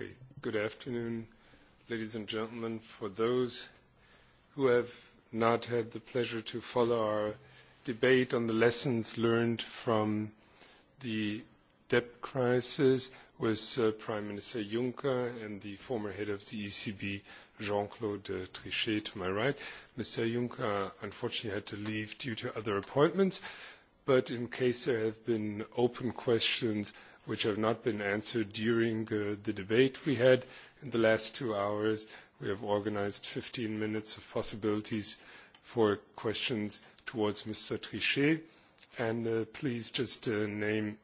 Okay. Good afternoon, ladies and gentlemen. For those who have not had the pleasure to follow our debate on the lessons learned from the debt crisis with Prime Minister Juncker and the former head of the ECB, Jean-Claude Trichet, to my right. Mr. Juncker unfortunately had to leave due to other appointments, but in case there have been open questions, which have not been answered during the debate we had in the last two hours. We have organised fifteen minutes of possibilities for questions towards Mr. Trichet. And uh please just uh name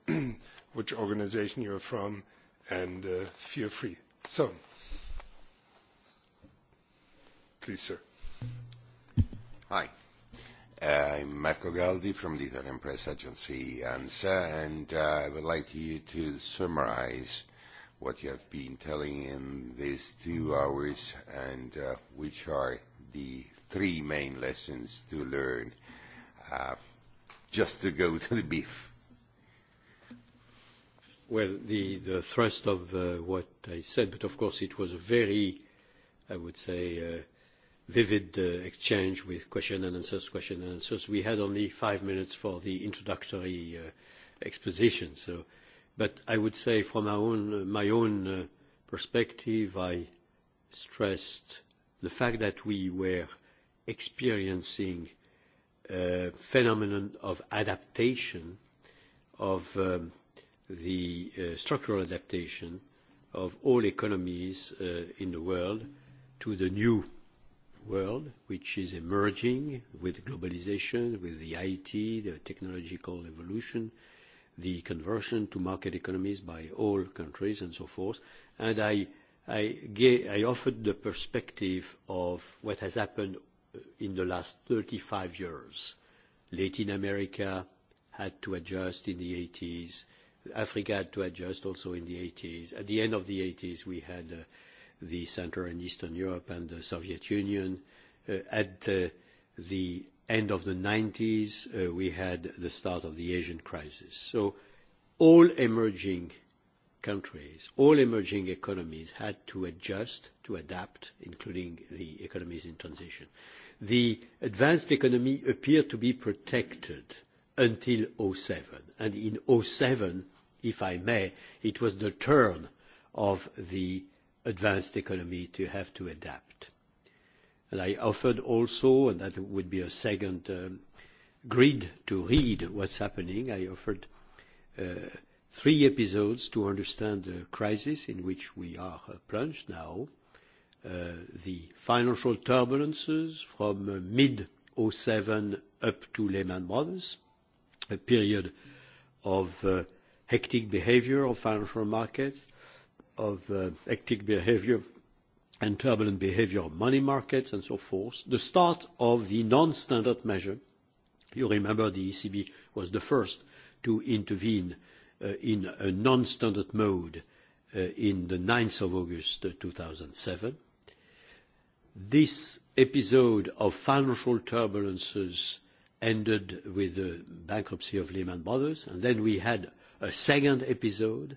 which organization you are from and uh feel free. So, please, sir. Hi. I'm Marco Galdi from the Italian press agency ANSA, and I would like you to summarize what you have been telling in these two hours and uh which are the three main lessons to learn uh just to go to the beef. Well, the, the thrust of uh what I said, but of course it was a very, I would say, uh vivid exchange with question and answers, question and answers. We had only five minutes for the introductory exposition. So, but I would say from my own, my own perspective, I stressed the fact that we were experiencing a phenomenon of adaptation, of the structural adaptation of all economies in the world to the new world, which is emerging with globalization, with the IT, the technological evolution, the conversion to market economies by all countries and so forth. And I, I, gave, I offered the perspective of what has happened in the last 35 years. Latin America had to adjust in the 80s. Africa had to adjust also in the 80s. At the end of the 80s, we had uh, the Central and Eastern Europe and the Soviet Union. at the end of the 90s, uh, we had the start of the Asian crisis. So all emerging countries, all emerging economies had to adjust, to adapt, including the economies in transition. The advanced economy appeared to be protected until 07. And in 07, if I may, it was the turn of the advanced economy to have to adapt. And I offered also, and that would be a second grid to read what's happening, I offered three episodes to understand the crisis in which we are plunged now, the financial turbulences from mid seven up to Lehman Brothers, a period of hectic behavior of financial markets, of uh, hectic behavior and turbulent behavior of money markets and so forth, the start of the non-standard measure. You remember the ECB was the first to intervene in a non-standard mode in the 9th of August two thousand seven. This episode of financial turbulences ended with the bankruptcy of Lehman Brothers, and then we had a second episode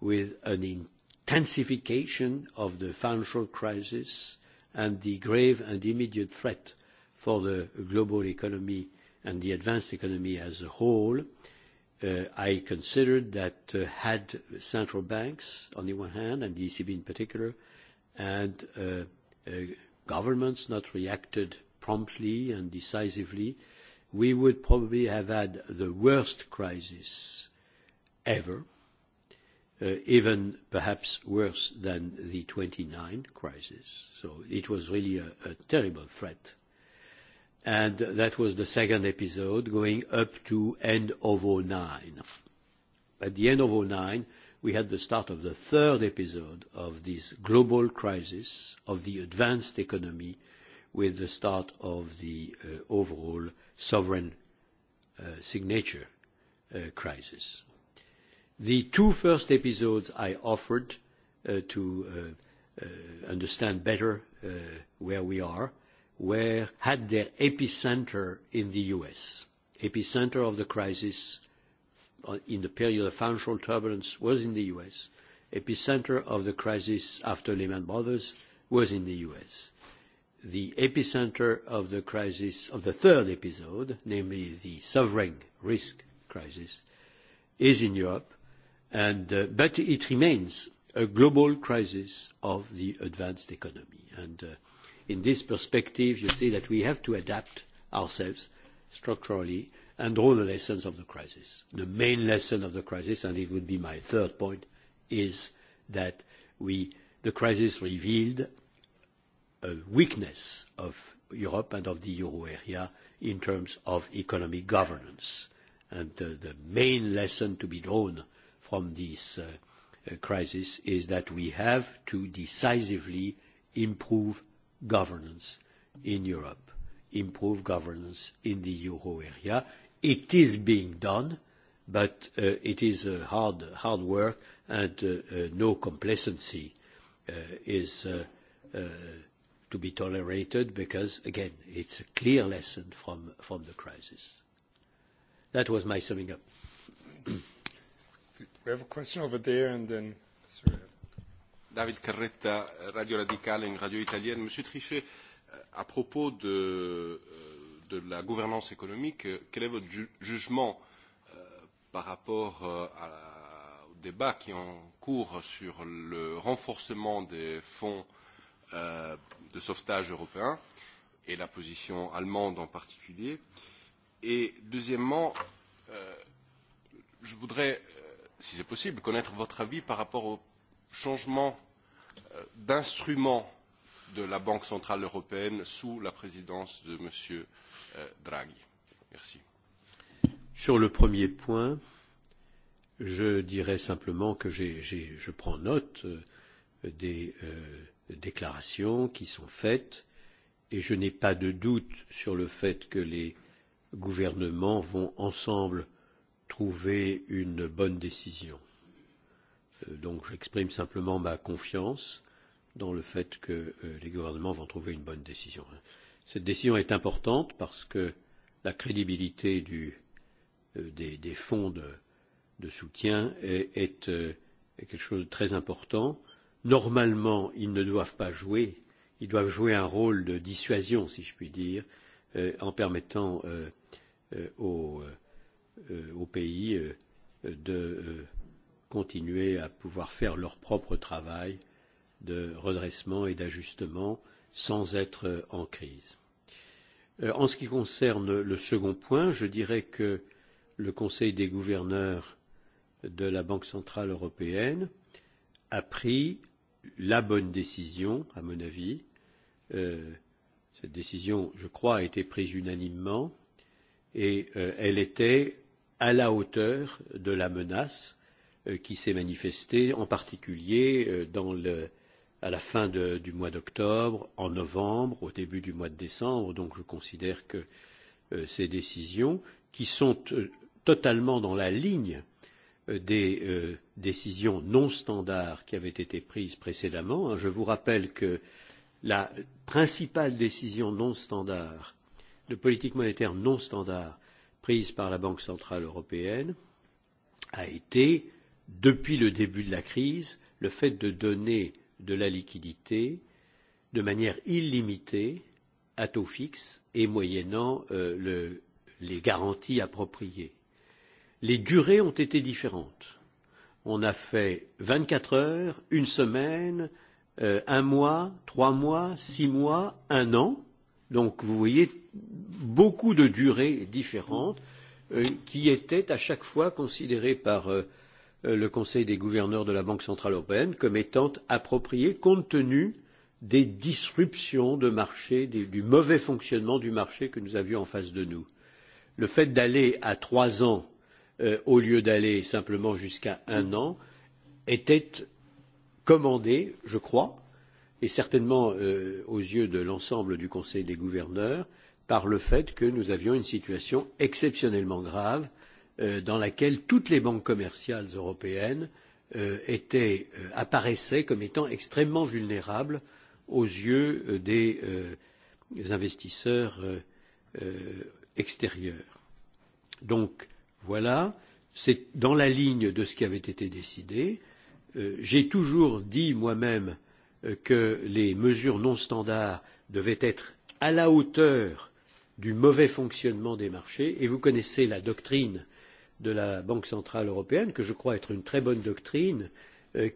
with an intensification of the financial crisis and the grave and immediate threat for the global economy and the advanced economy as a whole, I considered that had central banks on the one hand, and the ECB in particular, and governments not reacted promptly and decisively, we would probably have had the worst crisis ever even perhaps worse than the twenty nine crisis. So it was really a, a terrible threat. And that was the second episode going up to end of nine. At the end of nine, we had the start of the third episode of this global crisis of the advanced economy with the start of the overall sovereign signature crisis The two first episodes I offered to understand better where we are were had their epicenter in the U.S. Epicenter of the crisis in the period of financial turbulence was in the U.S. Epicenter of the crisis after Lehman Brothers was in the U.S. The epicenter of the crisis of the third episode, namely the sovereign risk crisis, is in Europe But it remains a global crisis of the advanced economy. And in this perspective, you see that we have to adapt ourselves structurally and draw the lessons of the crisis. The main lesson of the crisis, and it would be my third point, is that we the crisis revealed a weakness of Europe and of the euro area in terms of economic governance. And The main lesson to be drawn from this crisis is that we have to decisively improve governance in Europe, improve governance in the euro area. It is being done, but it is hard work and no complacency is to be tolerated because, again, it's a clear lesson from the crisis. That was my summing up. We have a question over there and then... Sorry. David Carretta, Radio Radicale, une radio italienne. Monsieur Trichet, à propos de, de la gouvernance économique, quel est votre ju jugement par rapport à la, au débat qui est en cours sur le renforcement des fonds euh, de sauvetage européens et la position allemande en particulier Et deuxièmement, euh, je voudrais euh, si c'est possible, connaître votre avis par rapport au changement d'instrument de la Banque centrale européenne sous la présidence de M. Draghi. Merci. Sur le premier point, je dirais simplement que je prends note des déclarations qui sont faites et je n'ai pas de doute sur le fait que les gouvernements vont ensemble trouver une bonne décision. Donc j'exprime simplement ma confiance dans le fait que les gouvernements vont trouver une bonne décision. Cette décision est importante parce que la crédibilité du, des, des fonds de, de soutien est, est, est quelque chose de très important. Normalement, ils ne doivent pas jouer, ils doivent jouer un rôle de dissuasion, si je puis dire, en permettant aux aux pays de continuer à pouvoir faire leur propre travail de redressement et d'ajustement sans être en crise. En ce qui concerne le second point, je dirais que le Conseil des gouverneurs de la Banque centrale européenne a pris la bonne décision, à mon avis. cette décision, je crois, a été prise unanimement et elle était à la hauteur de la menace qui s'est manifestée en particulier à la fin du mois d'octobre, en novembre, au début du mois de décembre. Donc je considère que ces décisions, qui sont totalement dans la ligne des décisions non standards qui avaient été prises précédemment. Je vous rappelle que la principale décision non standard de politique monétaire non standard prise par la Banque centrale européenne a été, depuis le début de la crise, le fait de donner de la liquidité de manière illimitée à taux fixe et moyennant les garanties appropriées. Les durées ont été différentes. On a fait vingt quatre heures, une semaine, un mois, trois mois, six mois, un an. Donc vous voyez beaucoup de durées différentes qui étaient à chaque fois considérées par le Conseil des gouverneurs de la Banque centrale européenne comme étant appropriées compte tenu des disruptions de marché, du mauvais fonctionnement du marché que nous avions en face de nous. Le fait d'aller à trois ans au lieu d'aller simplement jusqu'à un an était commandé, je crois, et certainement aux yeux de l'ensemble du Conseil des gouverneurs, par le fait que nous avions une situation exceptionnellement grave dans laquelle toutes les banques commerciales européennes étaient, apparaissaient comme étant extrêmement vulnérables aux yeux des investisseurs extérieurs. Donc voilà, c'est dans la ligne de ce qui avait été décidé. J'ai toujours dit moi-même que les mesures non standards devaient être à la hauteur du mauvais fonctionnement des marchés. Et vous connaissez la doctrine de la Banque centrale européenne, que je crois être une très bonne doctrine,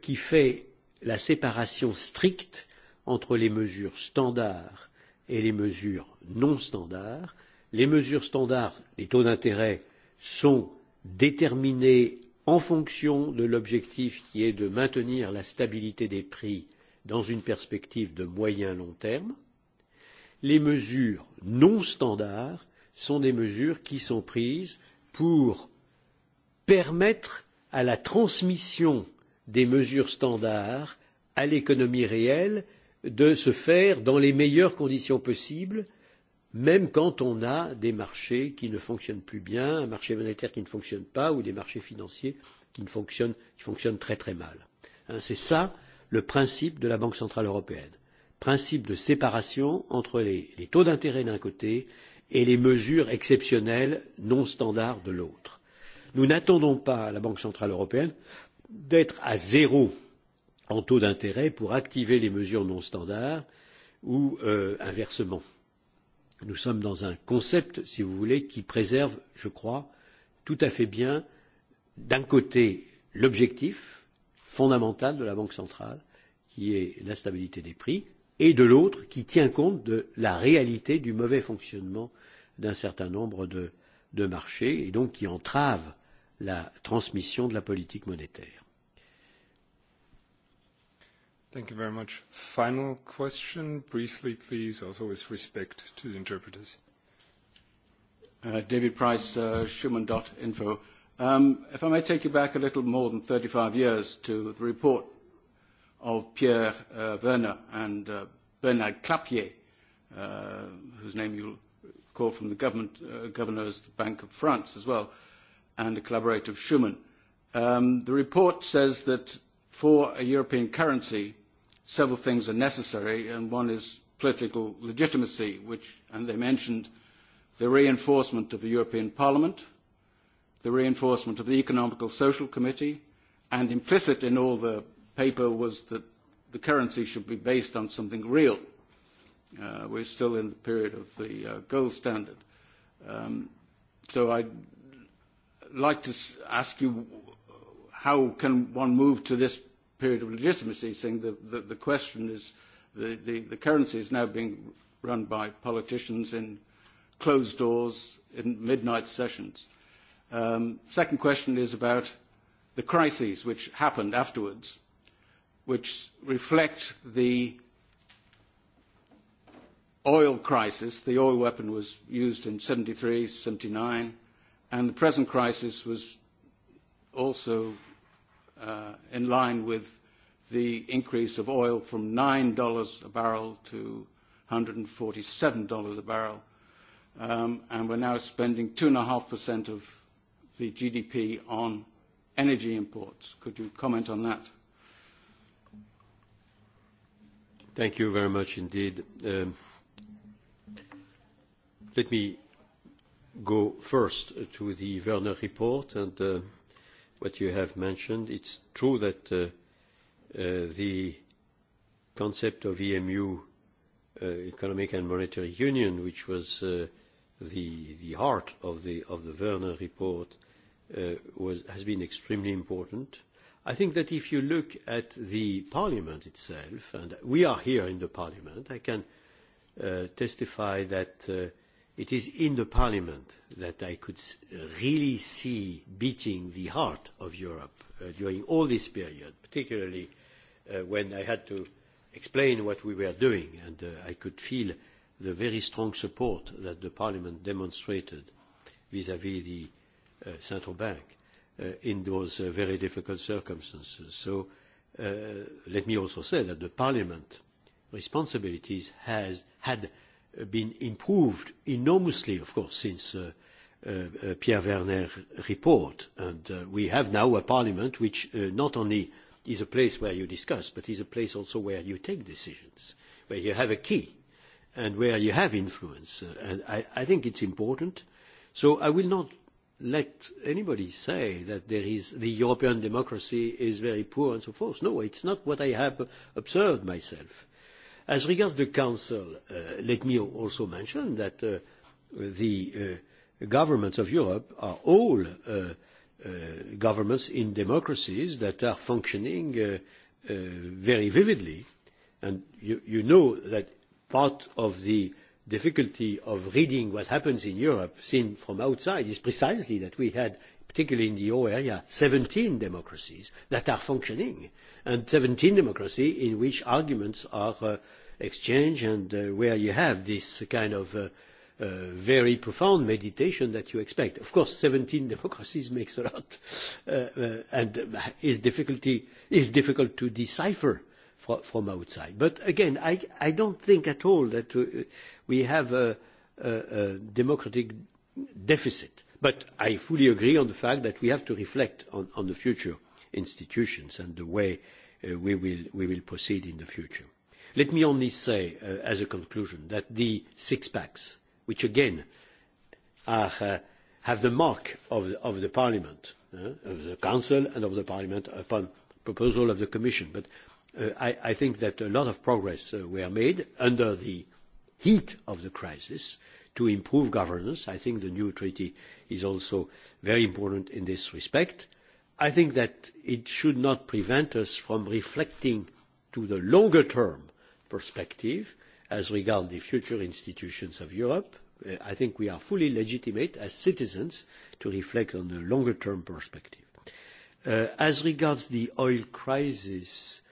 qui fait la séparation stricte entre les mesures standards et les mesures non standards. Les mesures standards, les taux d'intérêt, sont déterminés en fonction de l'objectif qui est de maintenir la stabilité des prix dans une perspective de moyen long terme les mesures non standards sont des mesures qui sont prises pour permettre à la transmission des mesures standards à l'économie réelle de se faire dans les meilleures conditions possibles, même quand on a des marchés qui ne fonctionnent plus bien, un marché monétaire qui ne fonctionne pas ou des marchés financiers qui fonctionnent, très très mal. c'est ça le principe de la Banque centrale européenne principe de séparation entre les, taux d'intérêt d'un côté et les mesures exceptionnelles non standards de l'autre. Nous n'attendons pas la Banque centrale européenne d'être à zéro en taux d'intérêt pour activer les mesures non standards ou inversement. Nous sommes dans un concept, si vous voulez, qui préserve, je crois, tout à fait bien, d'un côté, l'objectif fondamental de la Banque centrale, qui est la stabilité des prix, et de l'autre qui tient compte de la réalité du mauvais fonctionnement d'un certain nombre de, marchés et donc qui entrave la transmission de la politique monétaire. Thank you very much. Final question, briefly, please, also with respect to the interpreters. David Price, Schumann.info. Um, if I may take you back a little more than 35 years to the report of Pierre uh, Werner and uh, Bernard Clapier, uh, whose name you'll call from the government, uh, governor's the Bank of France as well, and a collaborator of Schumann. Um, the report says that for a European currency, several things are necessary, and one is political legitimacy, which, and they mentioned the reinforcement of the European Parliament, the reinforcement of the Economical Social Committee, and implicit in all the paper was that the currency should be based on something real. Uh, we're still in the period of the uh, gold standard. Um, so I'd like to ask you how can one move to this period of legitimacy, saying the, the, the question is the, the, the currency is now being run by politicians in closed doors in midnight sessions. Um, second question is about the crises which happened afterwards which reflect the oil crisis. The oil weapon was used in 73, 79, and the present crisis was also uh, in line with the increase of oil from $9 a barrel to $147 a barrel. Um, and we're now spending 2.5% of the GDP on energy imports. Could you comment on that? Thank you very much indeed. Let me go first to the Werner report and what you have mentioned. It's true that the concept of EMU, Economic and Monetary Union, which was the the heart of the of the Werner report, uh was has been extremely important I think that if you look at the Parliament itself, and we are here in the Parliament, I can testify that it is in the Parliament that I could really see beating the heart of Europe during all this period, particularly when I had to explain what we were doing, and I could feel the very strong support that the Parliament demonstrated vis-à-vis the central bank in those very difficult circumstances. So let me also say that the Parliament responsibilities has had been improved enormously, of course, since uh, uh, Pierre Werner report. And uh, we have now a parliament which uh, not only is a place where you discuss, but is a place also where you take decisions, where you have a key and where you have influence. and I, I think it's important. So I will not let anybody say that there is the European democracy is very poor and so forth. No, it's not what I have observed myself. As regards the Council, uh let me also mention that the governments of Europe are all uh governments in democracies that are functioning uh very vividly. And you, know that part of the difficulty of reading what happens in Europe seen from outside is precisely that we had, particularly in the euro area, seventeen democracies that are functioning, and seventeen democracies in which arguments are exchanged and where you have this kind of very profound meditation that you expect. Of course, seventeen democracies makes a lot, and is difficult to decipher from outside. But again, I I don't think at all that we have a democratic deficit. But I fully agree on the fact that we have to reflect on on the future institutions and the way we will proceed in the future. Let me only say, as a conclusion, that the six packs, which again are uh have the mark of the of the Parliament, of the Council and of the Parliament upon proposal of the Commission, but I think that a lot of progress were made under the heat of the crisis to improve governance. I think the new treaty is also very important in this respect. I think that it should not prevent us from reflecting to the longer term perspective as regards the future institutions of Europe. I think we are fully legitimate as citizens to reflect on the longer term perspective. as regards the oil crisis,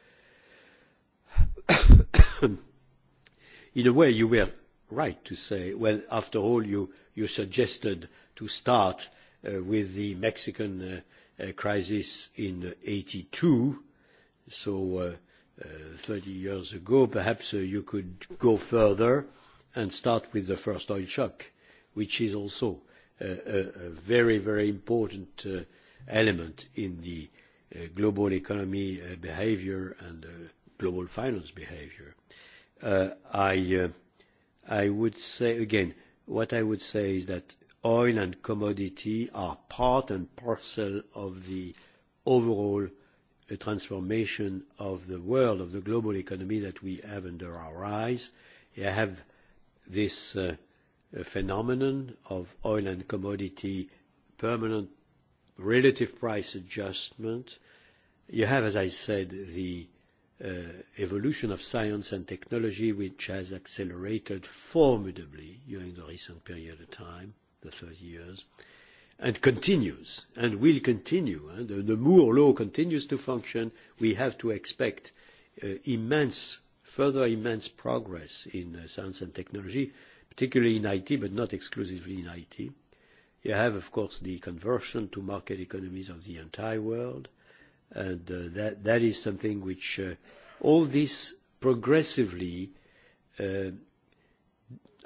in a way, you were right to say, well, after all, you, you suggested to start with the Mexican crisis in eighty two, so thirty years ago, perhaps you could go further and start with the first oil shock, which is also a very, very important element in the global economy behaviour and global finance behavior. Uh, I, uh, I would say again, what I would say is that oil and commodity are part and parcel of the overall uh, transformation of the world, of the global economy that we have under our eyes. You have this uh, phenomenon of oil and commodity permanent relative price adjustment. You have, as I said, the uh evolution of science and technology, which has accelerated formidably during the recent period of time, the 30 years, and continues and will continue. And the Moore law continues to function. We have to expect immense, further immense progress in science and technology, particularly in IT, but not exclusively in IT. You have, of course, the conversion to market economies of the entire world and that that is something which uh, all this progressively, uh,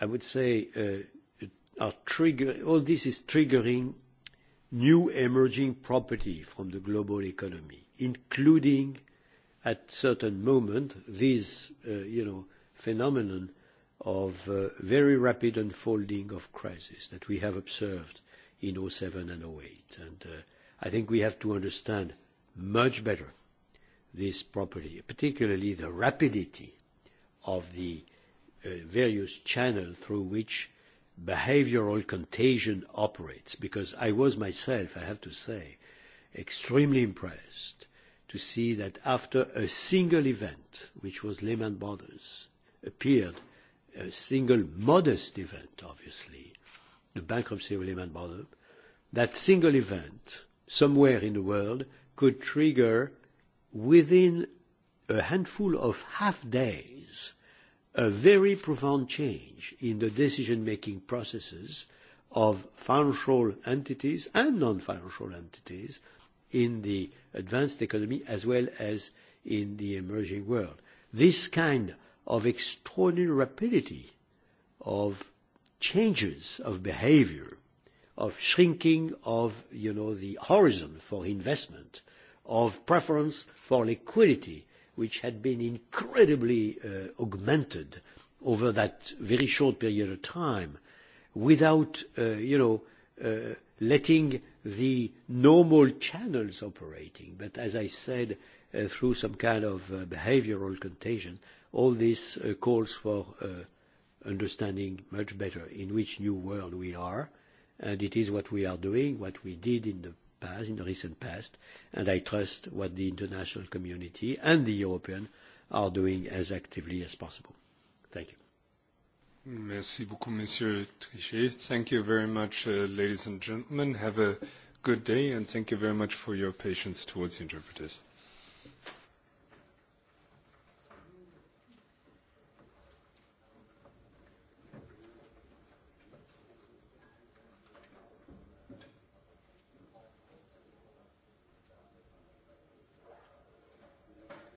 I would say, uh, are trigger. All this is triggering new emerging property from the global economy, including at certain moment these, uh, you know, phenomenon of uh, very rapid unfolding of crisis that we have observed in 07 and 08. And uh, I think we have to understand much better this property, particularly the rapidity of the uh, various channels through which behavioral contagion operates. Because I was myself, I have to say, extremely impressed to see that after a single event, which was Lehman Brothers, appeared a single modest event, obviously, the bankruptcy of Lehman Brothers, that single event somewhere in the world could trigger within a handful of half days a very profound change in the decision-making processes of financial entities and non-financial entities in the advanced economy as well as in the emerging world. This kind of extraordinary rapidity of changes of behavior of shrinking of you know the horizon for investment, of preference for liquidity, which had been incredibly augmented over that very short period of time, without you know letting the normal channels operating, but as I said, through some kind of behavioral contagion, all this calls for understanding much better in which new world we are and it is what we are doing, what we did in the past, in the recent past, and I trust what the international community and the European are doing as actively as possible. Thank you. Merci beaucoup, Monsieur Trichet. Thank you very much, ladies and gentlemen. Have a good day, and thank you very much for your patience towards the interpreters.